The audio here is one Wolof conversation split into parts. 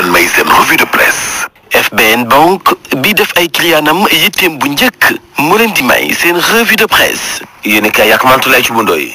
leen may seen revue de presse. FBN banque bi def ay clientam yitteem bu njëkk mu leen di may seen revue de presse. yéen a kaay yàq mantu lay ci bundoo yi.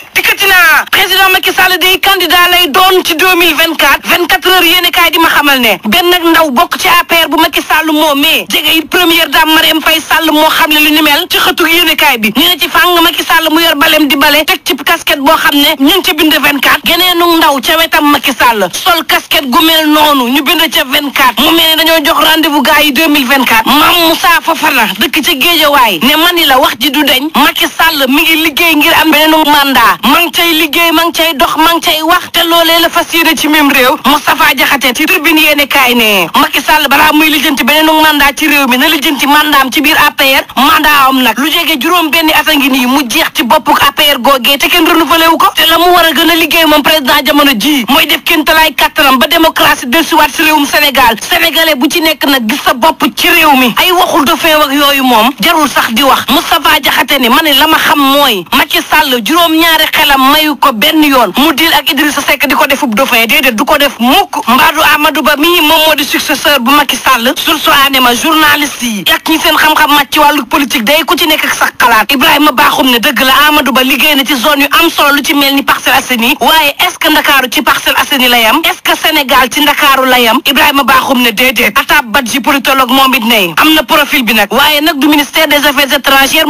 candidat président Macky Sall day candidat lay doon ci 2024 24 heures yéen kaay di ma xamal ne benn nag ndaw bokk ci APR bu Macky Sall moomee jege it première dame Marième Faye Sall moo xam ne lu ni mel ci xëtug yéen kaay bi ñu ne ci fàng Macky Sall mu yor balem di bale teg ci casquette boo xam ne ñu ngi ca bind 24 geneenu ndaw ca wetam Macky Sall sol casquette gu mel noonu ñu bind ca 24 mu mel ne dañoo jox rendez-vous gars yi 2024 Mame Moussa Fofana dëkk ca Géejawaay ne man la wax ji du deñ Macky Sall mi ngi liggéey ngir am beneen mandat cay liggéey ma ngi cay dox ma ngi cay wax te loolee la fas yéene ci même réew Moustapha Diakhaté ci tribune yéene kaay ne Macky Sall balaa muy lijjanti beneen mandat ci réew mi na lijjanti mandaam ci biir APR mandat am nag lu jege juróom benn at ngi nii mu jeex ci boppu APR googee te kenn renouvelé lew ko te la mu war a gën a liggéey moom président jamono ji mooy def kenn talaay kattanam ba démocratie dellusiwaat si réewum Sénégal sénégalais bu ci nekk nag gis sa bopp ci réew mi ay waxul dafee ak yooyu moom jarul sax di wax Moustapha Diakhaté ne ma ne la ma mooy Macky Sall juróom ñaari xelam mayu ko benn yoon mu diil ak Idrissa Seck di ko defub dauphin déedéet du ko def mukk mbaadu Amadou Ba mii moom moo di successeur bu Macky Sall surtout anema journaliste yi ak ñi seen xam-xam màcc ci wàllu politique day ku ci nekk sax xalaat Ibrahima Bakhoum ne dëgg la Amadou Ba liggéey na ci zone yu am solo lu ci mel ni Parcelles Assainies waaye est Ndakaaru ci Parcelles Assainies la yam Sénégal ci Ndakaaru la yam Ibrahima ne déedéet Atab Badji politologue moom it ne am na bi nag waaye nag du ministère des affaires étrangères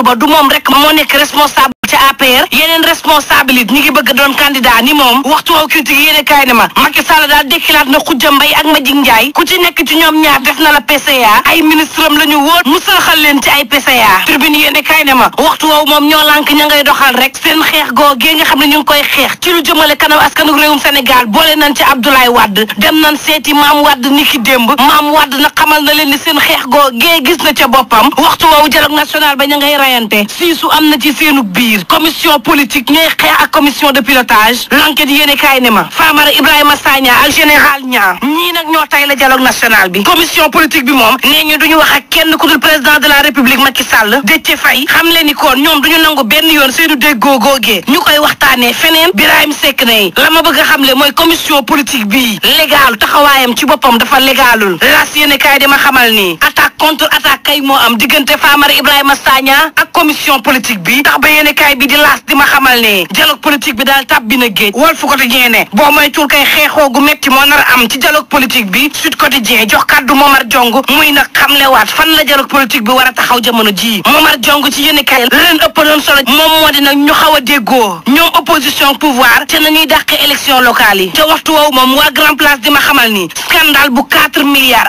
Amadou Ba du moom rek moo nekk responsable ci APR yeneen responsable it ñi ngi bëgg doon candidat ni moom waxtu waaw critique yéen a kaay ne ma Macky Sall daal dekkilaat na Khoudia Mbaye ak Madjig Ndiaye ku ci nekk ci ñoom ñaar def na la PCA ay ministre am la ñu wóor mu sërxal leen ci ay PCA tribune yéen a ma waxtu waaw moom ñoo lànk ña ngay doxal rek seen xeex goo gee nga xam ne ñu ngi koy xeex ci lu jëmale kanam askanu réewum Sénégal boole nañ ci Abdoulaye Wade dem nañ seeti maam Wade ni ki démb maam Wade na xamal na leen ni seen xeex googee gis na ca boppam waxtu woowu dialogue national ba ña ngay rayante siisu am na ci seenu biir commission politique ñooy xeex ak commission de pilotage l'enquête yéen a kaay ne ma Famara Ibrahima Sagna ak général Niang ñii nag ñoo tay la dialogue national bi commission politique bi moom nee ñu duñu wax ak kenn ku dul président de la république Macky Sall Déthié Faye xam leen ni kon ñoom duñu nangu benn yoon seenu déggoo googee ñu koy waxtaanee feneen Birahim Seck ne la ma bëgg a le mooy commission bi bii légal taxawaayam ci boppam dafa légalul yéen a kaay dama xamal ni attaque contre attaque kay am diggante Famara Ibrahima Sagna ak commission politique bi yéenekaay bi di laas di ma xamal ne dialogue politique bi daal tàbbi na géej Walf Quotidien ne boo moytuwul kay xeexoo gu metti moo nar a am ci dialogue politique bi Sud Quotidien jox kàddu Momar Jong muy nag xamlewaat fan la dialogue politique bi war a taxaw jamono jii Momar Jong ci yéenekaay la leen ëppaloon solo moom moo di ñu xaw a déggoo ñoom opposition pouvoir te nañuy dàqe élection locale yi te waxtu woowu moom waa Grand Place di ma xamal ni scandale bu 4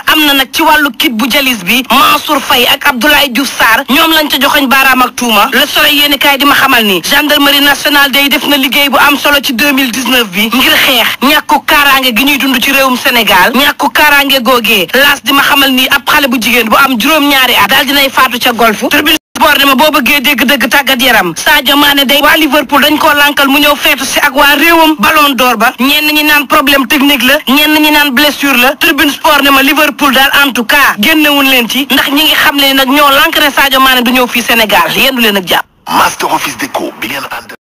am na nag ci wàllu kit bu jalis bi Mansour Faye ak Abdoulaye Diouf Sarr ñoom lañ ca joxoñ baaraam ak tuuma xamal ni gendarmerie nationale day def na liggéey bu am solo ci 2019 bi ngir xeex ñàkku kaaraange gi ñuy dund ci réewum Sénégal ñàkku kaaraange googee laas di ma xamal ni ab xale bu jigéen bu am juróom-ñaari at daal dinay faatu ca golf sport ma boo bëggee dégg dëgg tàggat yaram Sadio Mané day waa Liverpool dañ koo lankal mu ñëw feetu si ak waa réewam ballon door ba ñenn ñi naan problème technique la ñenn ñi naan blessure la tribune sport ma Liverpool daal en tout cas génnewuñ leen ci ndax ñi ngi xam ne nag ñoo lank ne Sadio Mané du ñëw fii Sénégal yendu leen ak jàpp master office déco bi ngeen ànd